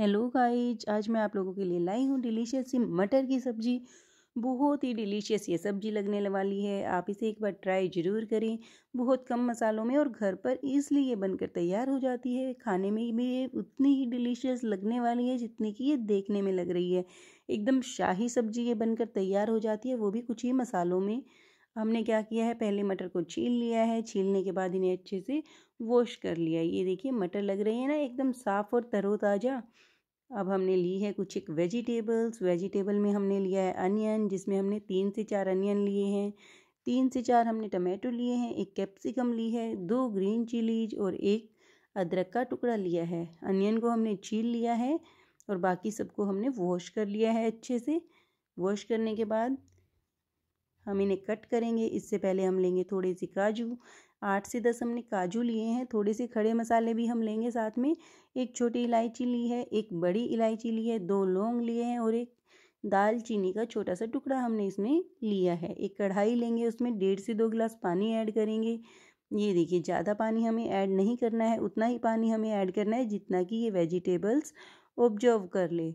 hello guys आज मैं आप लोगों के लिए लाई हूँ डिलीशियस सी मटर की सब्ज़ी बहुत ही डिलीशियस ये सब्ज़ी लगने वाली है आप इसे एक बार ट्राई ज़रूर करें बहुत कम मसालों में और घर पर इसलिए ये बनकर तैयार हो जाती है खाने में भी ये उतनी ही डिलीशियस लगने वाली है जितनी कि ये देखने में लग रही है एकदम शाही सब्ज़ी ये बनकर तैयार हो जाती है वो भी कुछ ही मसालों में हमने क्या किया है पहले मटर को छील लिया है छीलने के बाद इन्हें अच्छे से वॉश कर लिया ये देखिए मटर लग रहे हैं ना एकदम साफ़ और तरोताज़ा अब हमने ली है कुछ एक वेजिटेबल्स वेजिटेबल में हमने लिया है अनियन जिसमें हमने तीन से चार अनियन लिए हैं तीन से चार हमने टमाटो लिए हैं एक कैप्सिकम ली है दो ग्रीन चिलीज और एक अदरक का टुकड़ा लिया है अनियन को हमने छील लिया है और बाकी सबको हमने वॉश कर लिया है अच्छे से वॉश करने के बाद हम इन्हें कट करेंगे इससे पहले हम लेंगे थोड़े से काजू आठ से दस हमने काजू लिए हैं थोड़े से खड़े मसाले भी हम लेंगे साथ में एक छोटी इलायची ली है एक बड़ी इलायची ली है दो लौंग लिए हैं और एक दालचीनी का छोटा सा टुकड़ा हमने इसमें लिया है एक कढ़ाई लेंगे उसमें डेढ़ से दो गिलास पानी ऐड करेंगे ये देखिए ज़्यादा पानी हमें ऐड नहीं करना है उतना ही पानी हमें ऐड करना है जितना कि ये वेजिटेबल्स ऑब्जर्व कर ले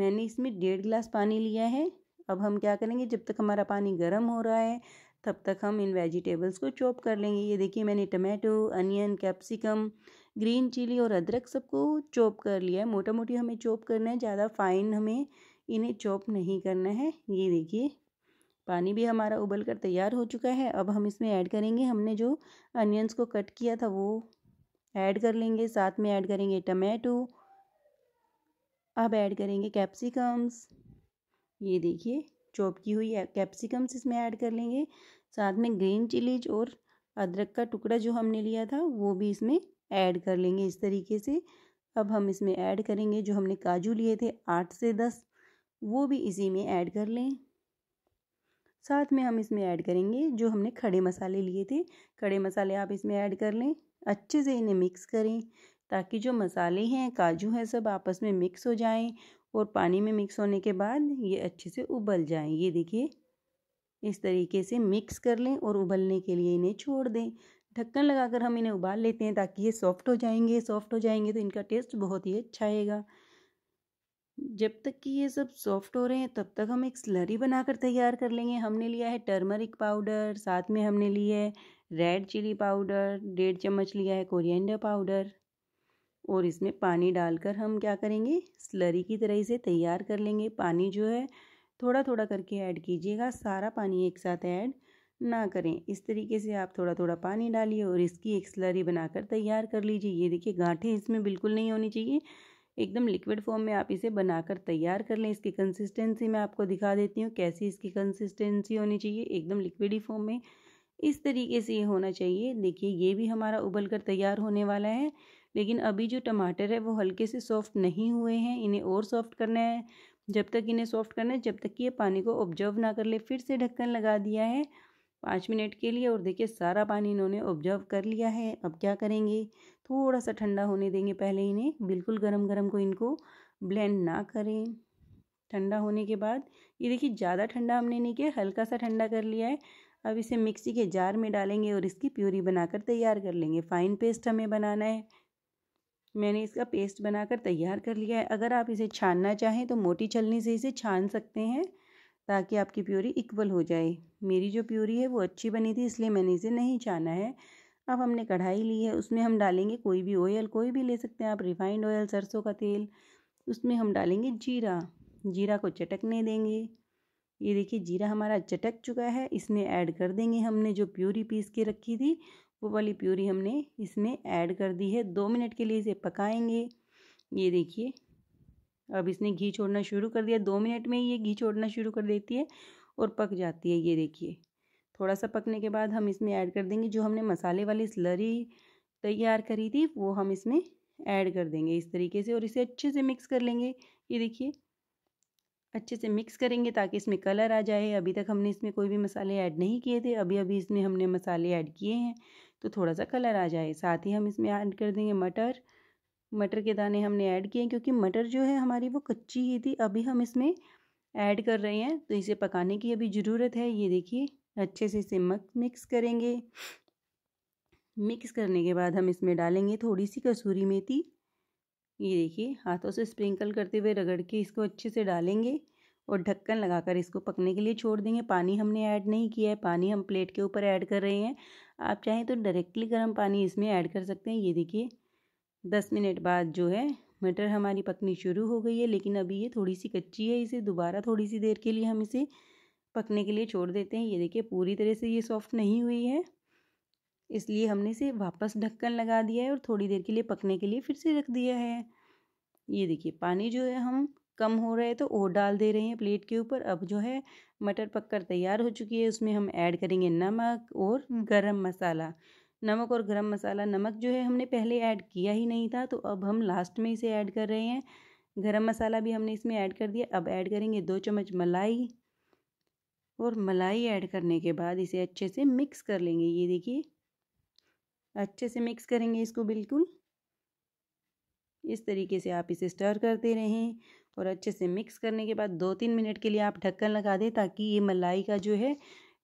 मैंने इसमें डेढ़ गिलास पानी लिया है अब हम क्या करेंगे जब तक हमारा पानी गर्म हो रहा है तब तक हम इन वेजिटेबल्स को चॉप कर लेंगे ये देखिए मैंने tomato onion capsicum green chilli और अदरक सबको चॉप कर लिया है मोटा मोटी हमें चॉप करना है ज़्यादा फाइन हमें इन्हें चॉप नहीं करना है ये देखिए पानी भी हमारा उबल कर तैयार हो चुका है अब हम इसमें ऐड करेंगे हमने जो अनियंस को कट किया था वो ऐड कर लेंगे साथ में ऐड करेंगे टमाटो अब ऐड करेंगे कैप्सिकम्स ये देखिए चॉप की हुई कैप्सिकम्स इसमें ऐड कर लेंगे साथ में ग्रीन चिलीज और अदरक का टुकड़ा जो हमने लिया था वो भी इसमें ऐड कर लेंगे इस तरीके से अब हम इसमें ऐड करेंगे जो हमने काजू लिए थे आठ से दस वो भी इसी में ऐड कर लें साथ में हम इसमें ऐड करेंगे जो हमने खड़े मसाले लिए थे खड़े मसाले आप इसमें ऐड कर लें अच्छे से इन्हें मिक्स करें ताकि जो मसाले हैं काजू हैं सब आपस में मिक्स हो जाएं और पानी में मिक्स होने के बाद ये अच्छे से उबल जाए ये देखिए इस तरीके से मिक्स कर लें और उबलने के लिए इन्हें छोड़ दें ढक्कन लगाकर हम इन्हें उबाल लेते हैं ताकि ये सॉफ्ट हो जाएंगे सॉफ्ट हो जाएंगे तो इनका टेस्ट बहुत ही अच्छा आएगा जब तक कि ये सब सॉफ्ट हो रहे हैं तब तक हम एक स्लरी बनाकर तैयार कर लेंगे हमने लिया है टर्मरिक पाउडर साथ में हमने लिए है रेड चिली पाउडर डेढ़ चम्मच लिया है कोरिएंडर पाउडर और इसमें पानी डालकर हम क्या करेंगे स्लरी की तरह इसे तैयार कर लेंगे पानी जो है थोड़ा थोड़ा करके ऐड कीजिएगा सारा पानी एक साथ ऐड ना करें इस तरीके से आप थोड़ा थोड़ा पानी डालिए और इसकी एक स्लरी बनाकर तैयार कर लीजिए ये देखिए गांठें इसमें बिल्कुल नहीं होनी चाहिए एकदम लिक्विड फॉर्म में आप इसे बनाकर तैयार कर लें इसकी कंसिस्टेंसी मैं आपको दिखा देती हूँ कैसी इसकी कंसिस्टेंसी होनी चाहिए एकदम लिक्विड ही फॉर्म में इस तरीके से ये होना चाहिए देखिए ये भी हमारा उबल कर तैयार होने वाला है लेकिन अभी जो टमाटर है वो हल्के से सॉफ्ट नहीं हुए हैं इन्हें और सॉफ्ट करना है जब तक इन्हें सॉफ्ट करना है जब तक कि ये पानी को ऑब्जर्व ना कर ले फिर से ढक्कन लगा दिया है पाँच मिनट के लिए और देखिए सारा पानी इन्होंने ऑब्जर्व कर लिया है अब क्या करेंगे थोड़ा सा ठंडा होने देंगे पहले इन्हें बिल्कुल गरम गरम को इनको ब्लेंड ना करें ठंडा होने के बाद ये देखिए ज़्यादा ठंडा हमने नहीं किया हल्का सा ठंडा कर लिया है अब इसे मिक्सी के जार में डालेंगे और इसकी प्यूरी बनाकर तैयार कर लेंगे फ़ाइन पेस्ट हमें बनाना है मैंने इसका पेस्ट बनाकर तैयार कर लिया है अगर आप इसे छानना चाहें तो मोटी छलनी से इसे छान सकते हैं ताकि आपकी प्योरी इक्वल हो जाए मेरी जो प्योरी है वो अच्छी बनी थी इसलिए मैंने इसे नहीं छाना है अब हमने कढ़ाई ली है उसमें हम डालेंगे कोई भी ऑयल कोई भी ले सकते हैं आप रिफाइंड ऑयल सरसों का तेल उसमें हम डालेंगे जीरा जीरा को चटकने देंगे ये देखिए जीरा हमारा चटक चुका है इसमें ऐड कर देंगे हमने जो प्यूरी पीस के रखी थी वो वाली प्यूरी हमने इसमें ऐड कर दी है दो मिनट के लिए इसे पकाएंगे ये देखिए अब इसने घी छोड़ना शुरू कर दिया दो मिनट में ये घी छोड़ना शुरू कर देती है और पक जाती है ये देखिए थोड़ा सा पकने के बाद हम इसमें ऐड कर देंगे जो हमने मसाले वाली स्लरी तैयार करी थी वो हम इसमें ऐड कर देंगे इस तरीके से और इसे अच्छे से मिक्स कर लेंगे ये देखिए अच्छे से मिक्स करेंगे ताकि इसमें कलर आ जाए अभी तक हमने इसमें कोई भी मसाले ऐड नहीं किए थे अभी अभी इसमें हमने मसाले ऐड किए हैं तो थोड़ा सा कलर आ जाए साथ ही हम इसमें ऐड कर देंगे मटर मटर के दाने हमने ऐड किए क्योंकि मटर जो है हमारी वो कच्ची ही थी अभी हम इसमें ऐड कर रहे हैं तो इसे पकाने की अभी ज़रूरत है ये देखिए अच्छे से इसे मिक्स करेंगे मिक्स करने के बाद हम इसमें डालेंगे थोड़ी सी कसूरी मेथी ये देखिए हाथों से स्प्रिंकल करते हुए रगड़ के इसको अच्छे से डालेंगे और ढक्कन लगाकर इसको पकने के लिए छोड़ देंगे पानी हमने ऐड नहीं किया है पानी हम प्लेट के ऊपर ऐड कर रहे हैं आप चाहें तो डायरेक्टली गर्म पानी इसमें ऐड कर सकते हैं ये देखिए दस मिनट बाद जो है मटर हमारी पकनी शुरू हो गई है लेकिन अभी ये थोड़ी सी कच्ची है इसे दोबारा थोड़ी सी देर के लिए हम इसे पकने के लिए छोड़ देते हैं ये देखिए पूरी तरह से ये सॉफ्ट नहीं हुई है इसलिए हमने इसे वापस ढक्कन लगा दिया है और थोड़ी देर के लिए पकने के लिए फिर से रख दिया है ये देखिए पानी जो है हम कम हो रहे हैं तो और डाल दे रहे हैं प्लेट के ऊपर अब जो है मटर पककर तैयार हो चुकी है उसमें हम ऐड करेंगे नमक और गरम मसाला नमक और गरम मसाला नमक जो है हमने पहले ऐड किया ही नहीं था तो अब हम लास्ट में इसे ऐड कर रहे हैं गरम मसाला भी हमने इसमें ऐड कर दिया अब ऐड करेंगे दो चम्मच मलाई और मलाई ऐड करने के बाद इसे अच्छे से मिक्स कर लेंगे ये देखिए अच्छे से मिक्स करेंगे इसको बिल्कुल इस तरीके से आप इसे स्टर करते रहें और अच्छे से मिक्स करने के बाद दो तीन मिनट के लिए आप ढक्कन लगा दें ताकि ये मलाई का जो है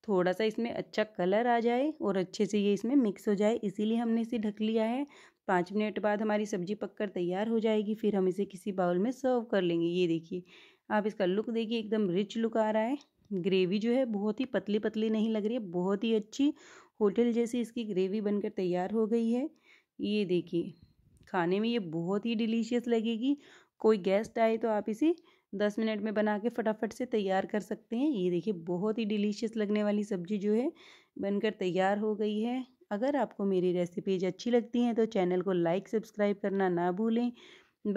थोड़ा सा इसमें अच्छा कलर आ जाए और अच्छे से ये इसमें मिक्स हो जाए इसीलिए हमने इसे ढक लिया है पाँच मिनट बाद हमारी सब्जी पककर तैयार हो जाएगी फिर हम इसे किसी बाउल में सर्व कर लेंगे ये देखिए आप इसका लुक देखिए एकदम रिच लुक आ रहा है ग्रेवी जो है बहुत ही पतली पतली नहीं लग रही है बहुत ही अच्छी होटल जैसी इसकी ग्रेवी बनकर तैयार हो गई है ये देखिए खाने में ये बहुत ही डिलीशियस लगेगी कोई गेस्ट आए तो आप इसे दस मिनट में बना के फटाफट से तैयार कर सकते हैं ये देखिए बहुत ही डिलीशियस लगने वाली सब्ज़ी जो है बनकर तैयार हो गई है अगर आपको मेरी रेसिपीज अच्छी लगती हैं तो चैनल को लाइक सब्सक्राइब करना ना भूलें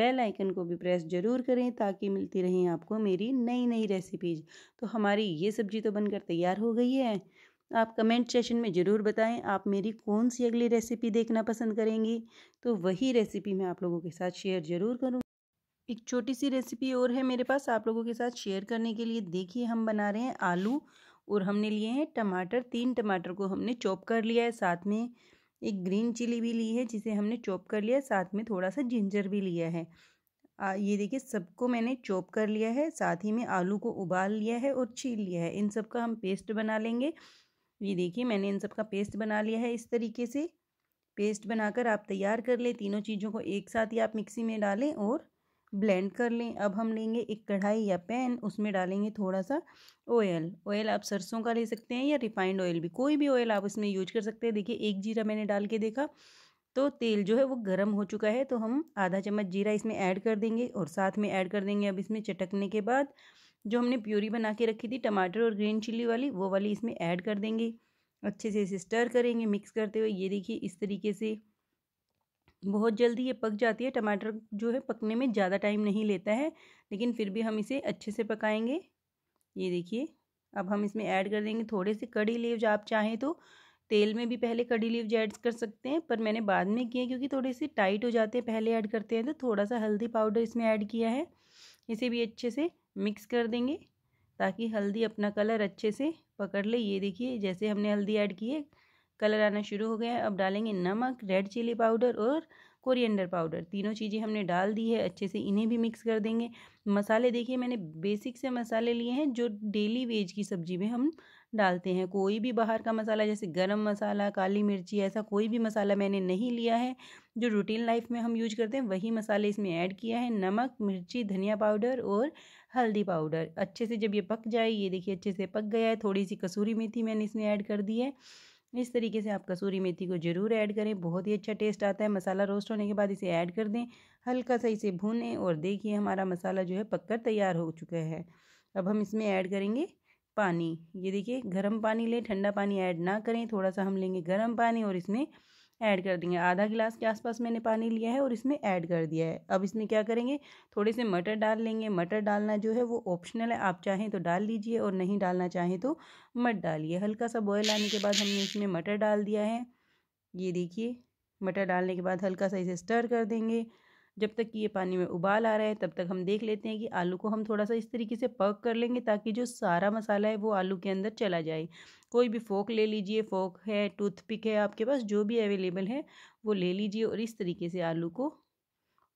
बेल आइकन को भी प्रेस ज़रूर करें ताकि मिलती रहें आपको मेरी नई नई रेसिपीज तो हमारी ये सब्ज़ी तो बनकर तैयार हो गई है आप कमेंट सेशन में ज़रूर बताएं आप मेरी कौन सी अगली रेसिपी देखना पसंद करेंगी तो वही रेसिपी मैं आप लोगों के साथ शेयर ज़रूर करूँगी एक छोटी सी रेसिपी और है मेरे पास आप लोगों के साथ शेयर करने के लिए देखिए हम बना रहे हैं आलू और हमने लिए हैं टमाटर तीन टमाटर को हमने चॉप कर लिया है साथ में एक ग्रीन चिली भी ली है जिसे हमने चॉप कर लिया है साथ में थोड़ा सा जिंजर भी लिया है आ, ये देखिए सबको मैंने चॉप कर लिया है साथ ही में आलू को उबाल लिया है और छील लिया है इन सब का हम पेस्ट बना लेंगे ये देखिए मैंने इन सब का पेस्ट बना लिया है इस तरीके से पेस्ट बनाकर आप तैयार कर लें तीनों चीज़ों को एक साथ ही आप मिक्सी में डालें और ब्लेंड कर लें अब हम लेंगे एक कढ़ाई या पैन उसमें डालेंगे थोड़ा सा ऑयल ऑयल आप सरसों का ले सकते हैं या रिफाइंड ऑयल भी कोई भी ऑयल आप इसमें यूज कर सकते हैं देखिए एक जीरा मैंने डाल के देखा तो तेल जो है वो गर्म हो चुका है तो हम आधा चम्मच जीरा इसमें ऐड कर देंगे और साथ में ऐड कर देंगे अब इसमें चटकने के बाद जो हमने प्यूरी बना के रखी थी टमाटर और ग्रीन चिल्ली वाली वो वाली इसमें ऐड कर देंगे अच्छे से इसे स्टर करेंगे मिक्स करते हुए ये देखिए इस तरीके से बहुत जल्दी ये पक जाती है टमाटर जो है पकने में ज़्यादा टाइम नहीं लेता है लेकिन फिर भी हम इसे अच्छे से पकाएंगे ये देखिए अब हम इसमें ऐड कर देंगे थोड़े से कड़ी लीव आप चाहें तो तेल में भी पहले कड़ी लीव ऐड कर सकते हैं पर मैंने बाद में किए क्योंकि थोड़े से टाइट हो जाते हैं पहले ऐड करते हैं तो थोड़ा सा हल्दी पाउडर इसमें ऐड किया है इसे भी अच्छे से मिक्स कर देंगे ताकि हल्दी अपना कलर अच्छे से पकड़ ले ये देखिए जैसे हमने हल्दी ऐड की है कलर आना शुरू हो गया है अब डालेंगे नमक रेड चिली पाउडर और कोरिएंडर पाउडर तीनों चीज़ें हमने डाल दी है अच्छे से इन्हें भी मिक्स कर देंगे मसाले देखिए मैंने बेसिक से मसाले लिए हैं जो डेली वेज की सब्जी में हम डालते हैं कोई भी बाहर का मसाला जैसे गरम मसाला काली मिर्ची ऐसा कोई भी मसाला मैंने नहीं लिया है जो रूटीन लाइफ में हम यूज करते हैं वही मसाले इसमें ऐड किया है नमक मिर्ची धनिया पाउडर और हल्दी पाउडर अच्छे से जब ये पक जाए ये देखिए अच्छे से पक गया है थोड़ी सी कसूरी मेथी मैंने इसमें ऐड कर दी है इस तरीके से आप कसूरी मेथी को ज़रूर ऐड करें बहुत ही अच्छा टेस्ट आता है मसाला रोस्ट होने के बाद इसे ऐड कर दें हल्का सा इसे भूनें और देखिए हमारा मसाला जो है पककर तैयार हो चुका है अब हम इसमें ऐड करेंगे पानी ये देखिए गर्म पानी लें ठंडा पानी ऐड ना करें थोड़ा सा हम लेंगे गर्म पानी और इसमें ऐड कर देंगे आधा गिलास के आसपास मैंने पानी लिया है और इसमें ऐड कर दिया है अब इसमें क्या करेंगे थोड़े से मटर डाल लेंगे मटर डालना जो है वो ऑप्शनल है आप चाहें तो डाल लीजिए और नहीं डालना चाहें तो मत डालिए हल्का सा बॉयल आने के बाद हमने इसमें मटर डाल दिया है ये देखिए मटर डालने के बाद हल्का सा इसे स्टर कर देंगे जब तक कि ये पानी में उबाल आ रहा है तब तक हम देख लेते हैं कि आलू को हम थोड़ा सा इस तरीके से पक कर लेंगे ताकि जो सारा मसाला है वो आलू के अंदर चला जाए कोई भी फोक ले लीजिए फोक है टूथपिक है आपके पास जो भी अवेलेबल है वो ले लीजिए और इस तरीके से आलू को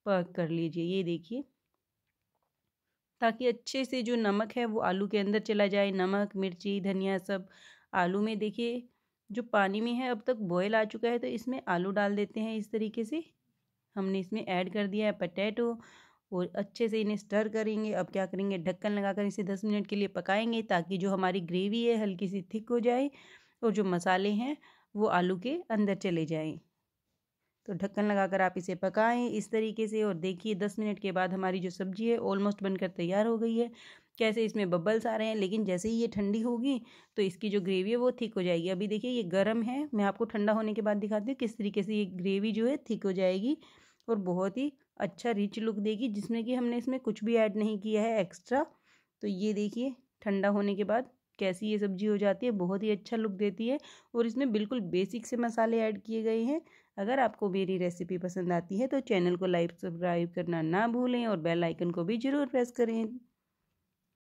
पक कर लीजिए ये देखिए ताकि अच्छे से जो नमक है वो आलू के अंदर चला जाए नमक मिर्ची धनिया सब आलू में देखिए जो पानी में है अब तक बॉयल आ चुका है तो इसमें आलू डाल देते हैं इस तरीके से हमने इसमें ऐड कर दिया है पटैटो और अच्छे से इन्हें स्टर करेंगे अब क्या करेंगे ढक्कन लगाकर इसे दस मिनट के लिए पकाएंगे ताकि जो हमारी ग्रेवी है हल्की सी थिक हो जाए और जो मसाले हैं वो आलू के अंदर चले जाएं तो ढक्कन लगाकर आप इसे पकाएं इस तरीके से और देखिए दस मिनट के बाद हमारी जो सब्ज़ी है ऑलमोस्ट बनकर तैयार हो गई है कैसे इसमें बबल्स आ रहे हैं लेकिन जैसे ही ये ठंडी होगी तो इसकी जो ग्रेवी है वो थिक हो जाएगी अभी देखिए ये गर्म है मैं आपको ठंडा होने के बाद दिखाती हूँ किस तरीके से ये ग्रेवी जो है थिक हो जाएगी और बहुत ही अच्छा रिच लुक देगी जिसमें कि हमने इसमें कुछ भी ऐड नहीं किया है एक्स्ट्रा तो ये देखिए ठंडा होने के बाद कैसी ये सब्जी हो जाती है बहुत ही अच्छा लुक देती है और इसमें बिल्कुल बेसिक से मसाले ऐड किए गए हैं अगर आपको मेरी रेसिपी पसंद आती है तो चैनल को लाइक सब्सक्राइब करना ना भूलें और बेल आइकन को भी ज़रूर प्रेस करें